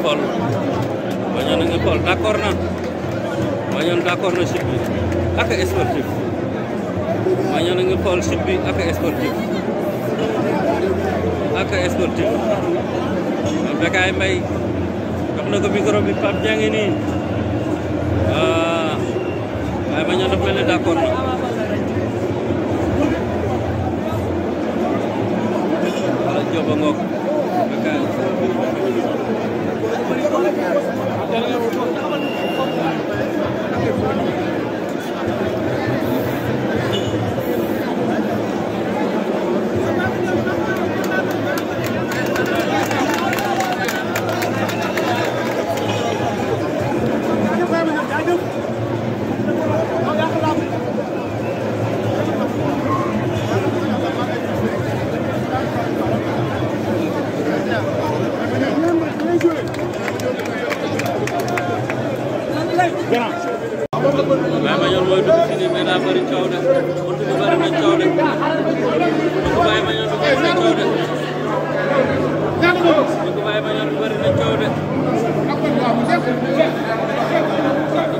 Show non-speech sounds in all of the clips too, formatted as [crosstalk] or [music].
nge Banyak ngepol nge Dakor na. Banyak dakor na sipi. Ake esportif. Banyak nang nge-fall sipi. Ake esportif. Ake esportif. Bekai mai. Kapan aku pikir aku panjang ini? Ah, eh, banyak nang pele dakor. Jawab ngok. Thank you. Orada duvar mı çağırdı? Dubai bayan duvar mı çağırdı? Dubai bayan duvar mı çağırdı? Dubai bayan duvar mı çağırdı?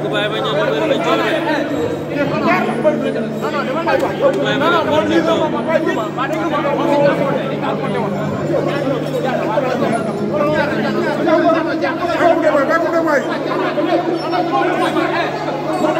Dubai bayan duvar mı çağırdı?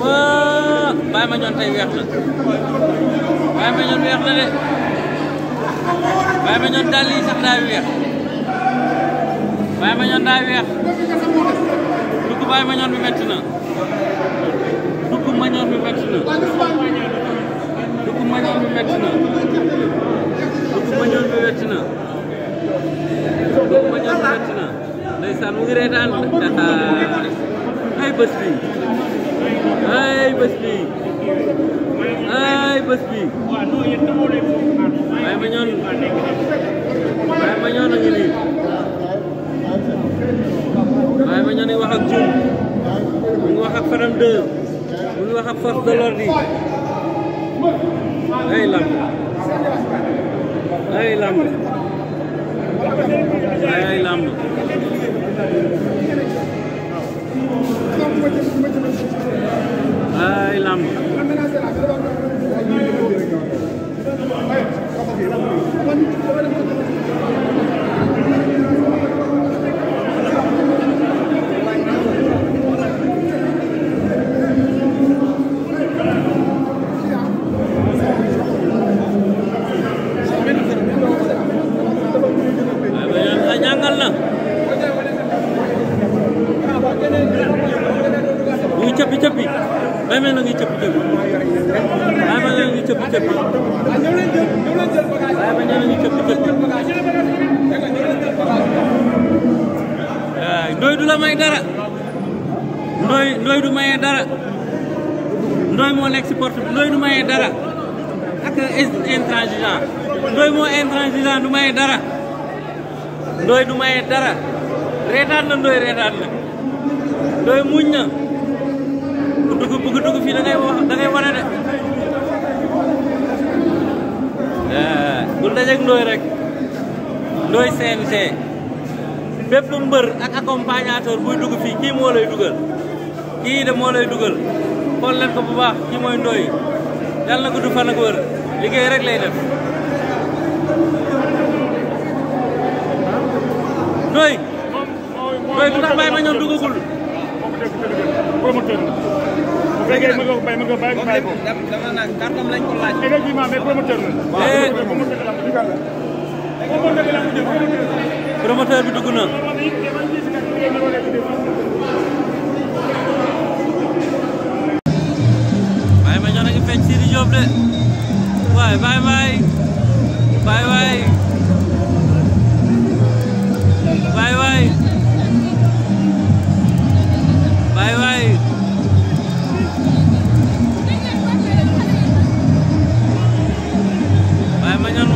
waa Baye Mandione tey weex na Baye Mandione weex na de Baye Mandione daal lii daa weex Baye Mandione daa weex dugg Baye Mandione bi métti na dugg Mandione bi métti na dugg Mandione bi métti na dugg Mandione bi métti na na ndeysaan mu ngi reetaan ay [laughs] bés ay bés bi ay bés bi ay ma ñoon ay ma ñoon a ngi nii ay ma ñoon a wax ak jur mu ngi wax ak faram dë mu ngi wax ak force de l'ordre yi ay lamb ay lamb ay lamb number. na Ndoye reetaan na Ndoye muñ na ku dugg bëgg dugg fii da ngay wax da ngay wane de eh, bul dajeeg bépp mbër ak accompagnateur buy dugg fii kii moo lay dugal kii de moo lay dugal xool leen ko bu baax kii mooy Ndoye yàlla na ko du fan ak wër liggéey rek lay def Ndoye mooy bu tax Baye Mandione duggagul. a baay baay baay baay.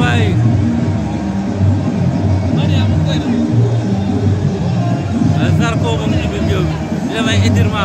wae. Sarko mo ngi bëgg yow. Dama indirma.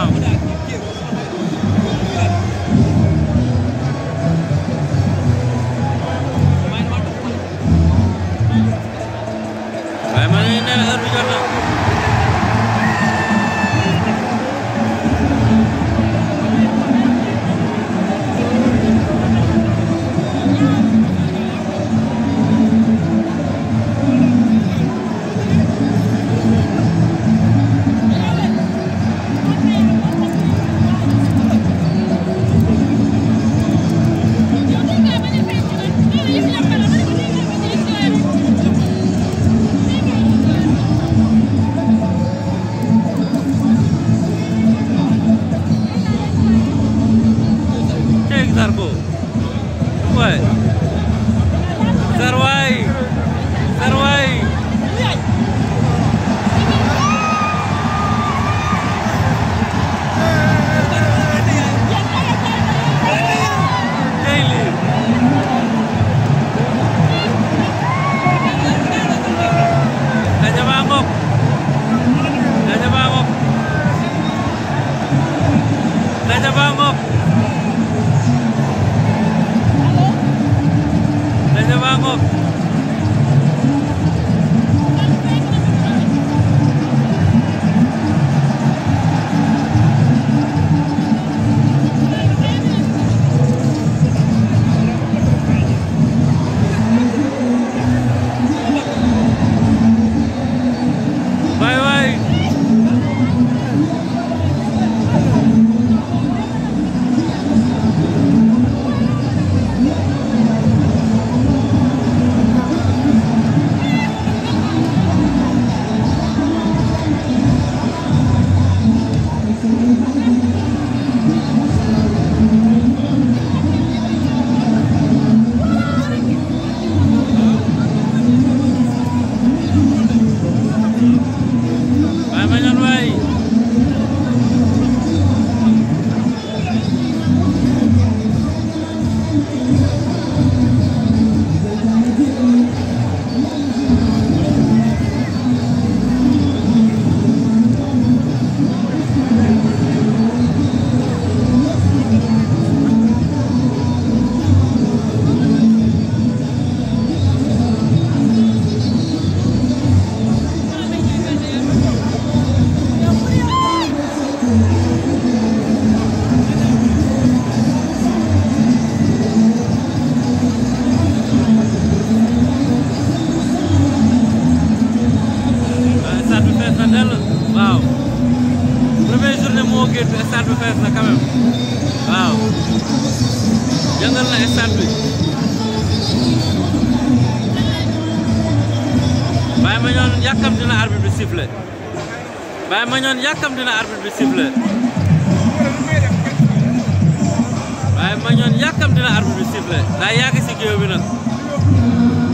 ma ñoon yàkkamti na arbitre bi sifflé daa yàgg si géew bi nag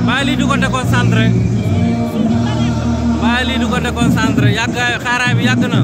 mbaa lii du ko déconcentré mbaa lii du ko déconcentré yàgg xaaraay bi yàgg na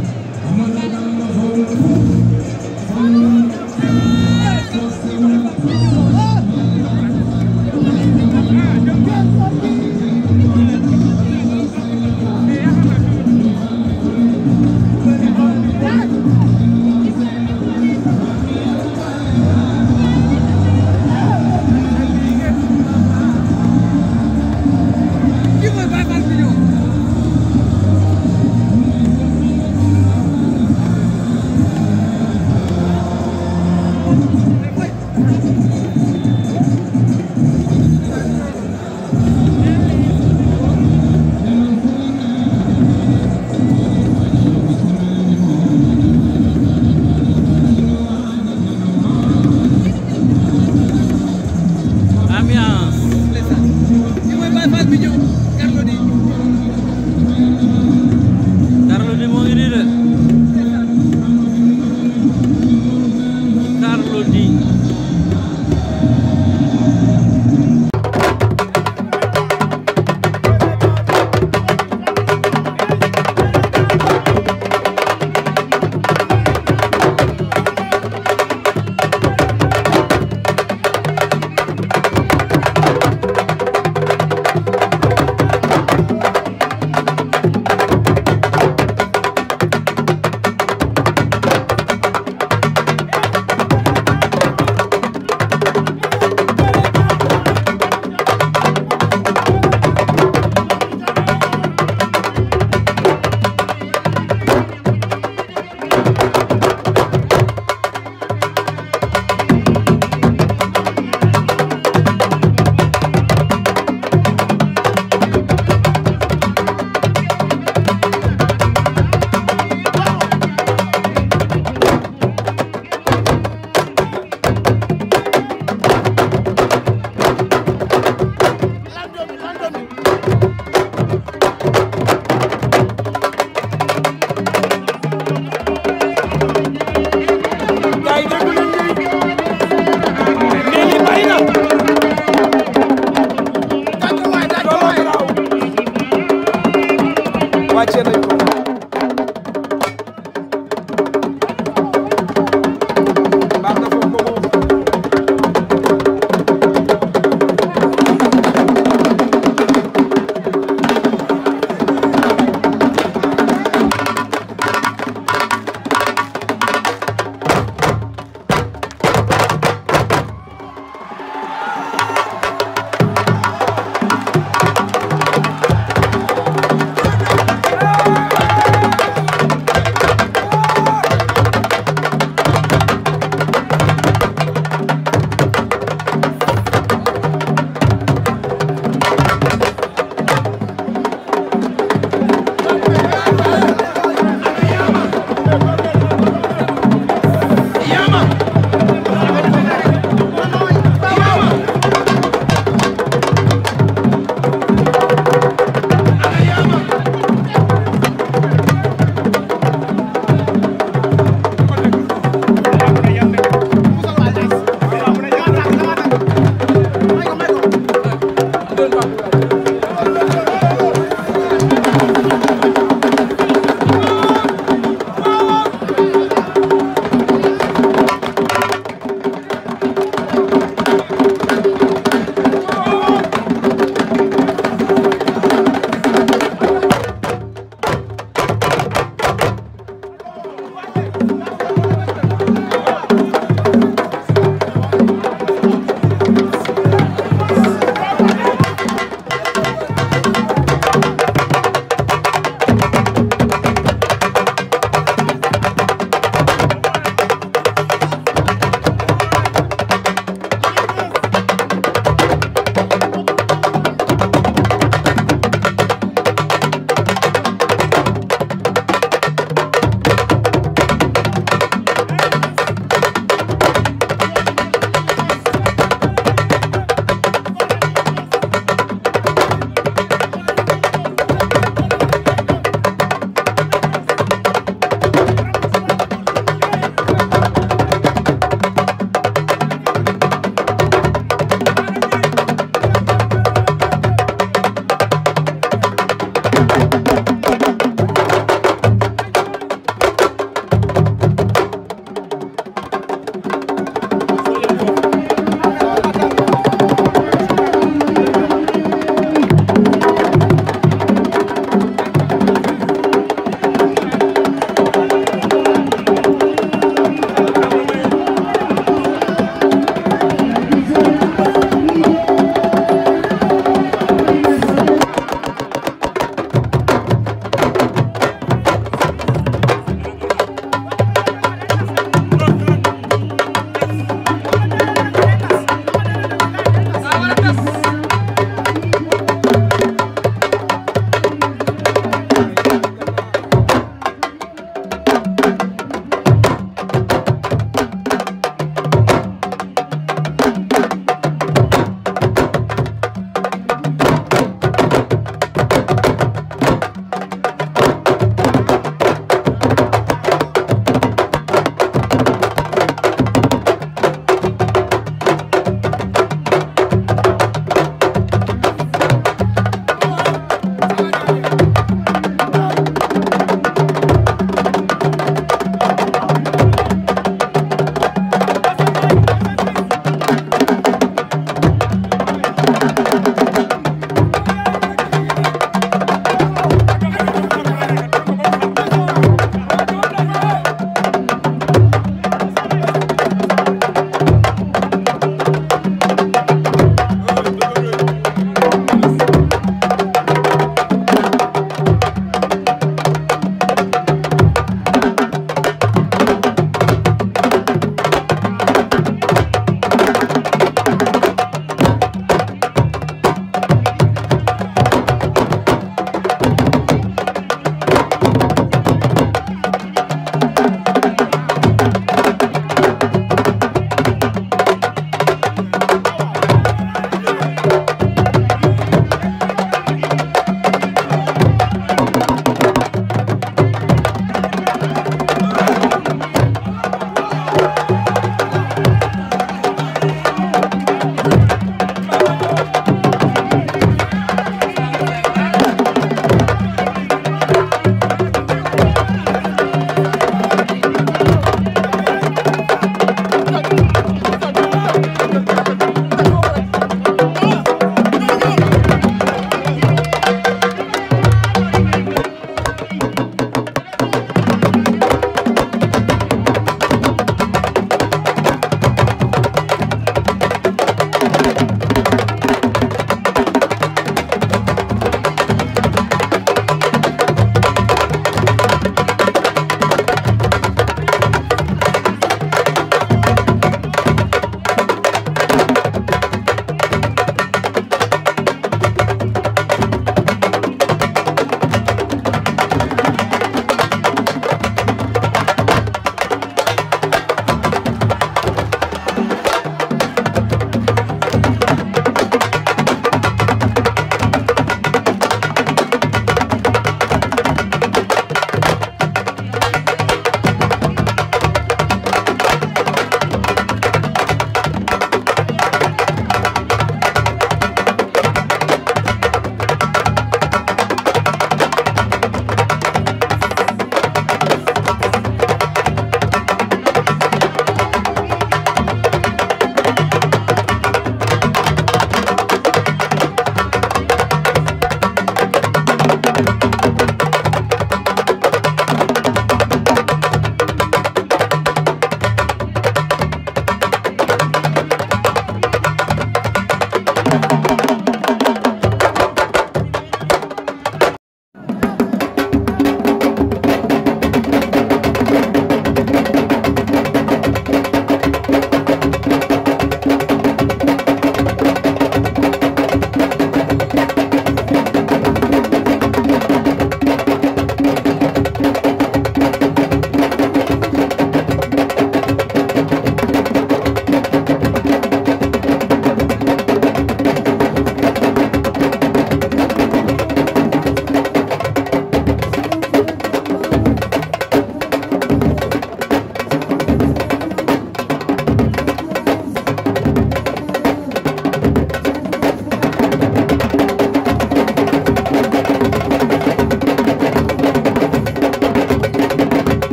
Thank you.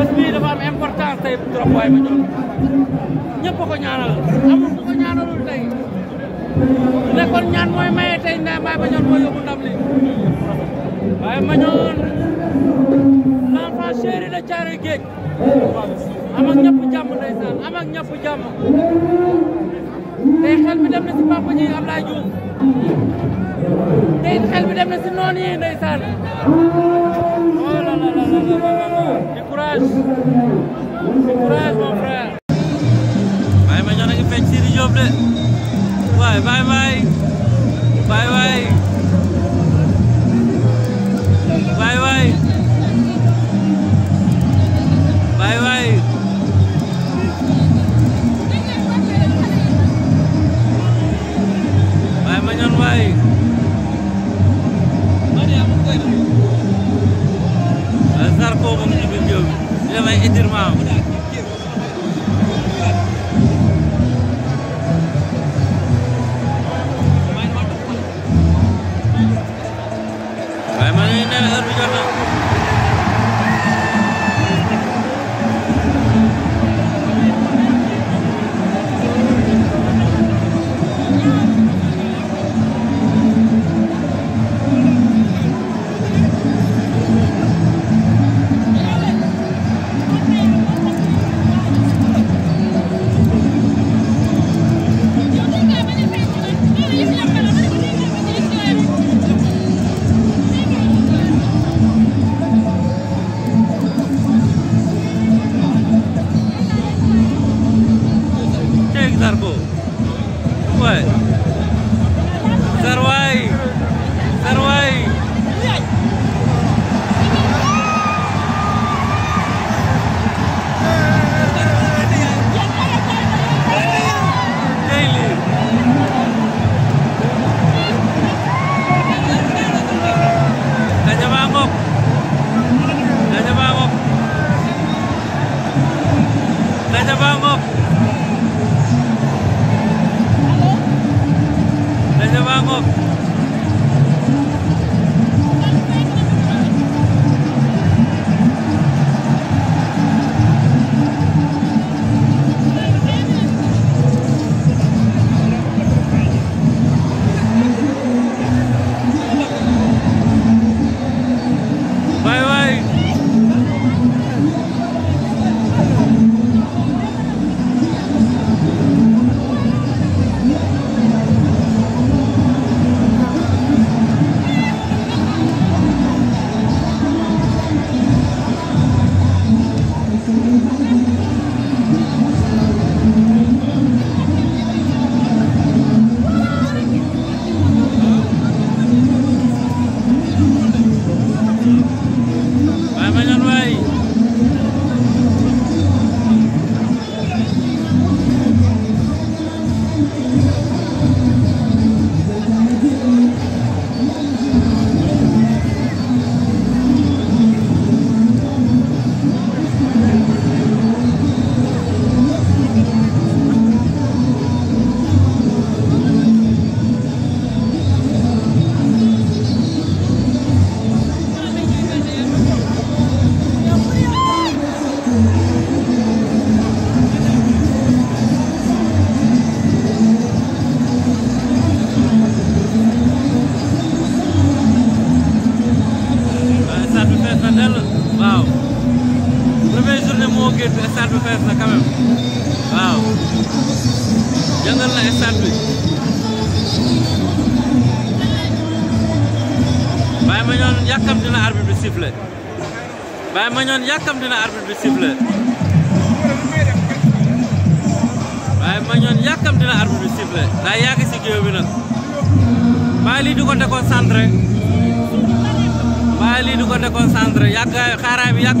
bés bii dafa am importance tey trop waaye ma jox ñëpp ko ñaanal amul ku ko ne kon ñaan mooy maye tey ndax ma ñoon mooy yóbbu ndam li waaye ma ñoon l'enfant chéri la caare géej am ak ñëpp jàmm ndeysaan am ak ñëpp jàmm tey xel bi dem na si papa ji Ablaye Diouf tey xel bi dem na si noon yi ndeysaan courage courage mon frère. Baye ma ñoo ngi fecc Sidy Diop de waaye baye baye baye baye baye baye baye baye baye ma ñoon baye Zarko mu ngi li may indir maam ma ñoon yàkkamti na arbitre bi sifflé waaye ma ñoon yàkkamti na arbitre bi géew bi nag mbaa lii du ko déconcentré mbaa lii du ko déconcentré yàgg xaaraay bi yàgg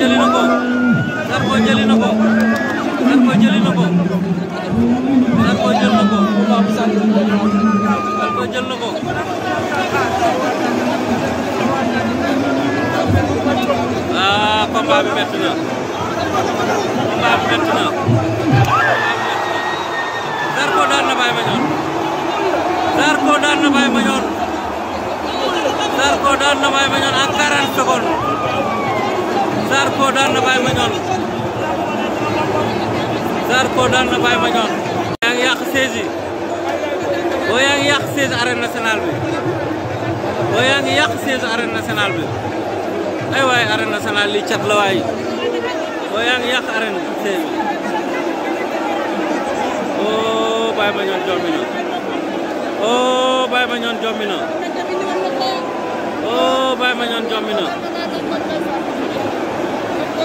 jëli ko Zarko na ko Zarko ko jël na ko Zarko jël na ko ah combat bi métti na combat bi métti na Zarko daan na Baye Mandione Zarko daan na Baye Mandione Zarko daan na Baye Mandione en 40 Zarko daan na Baye Mandione Zarko daan na Baye Mandione yaa ngi yàq siège yi boo yaa ngi yàq siège arène nationale bi boo yaa ngi yàq siège arène nationale bi ay waay arène nationale li cat la waay boo yaa ngi yàq arène siège bi oh Baye Mandione jombi na oh Baye Mandione jombi na oh Baye Mandione jombi na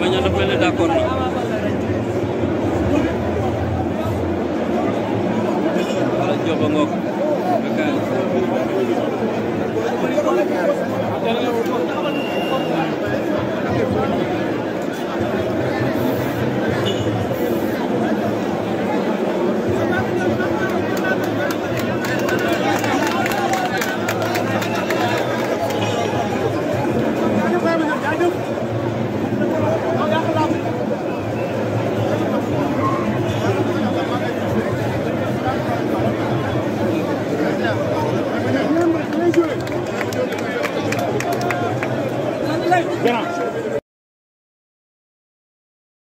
Banyak a Dakon, ne d'accord na wala Thank you.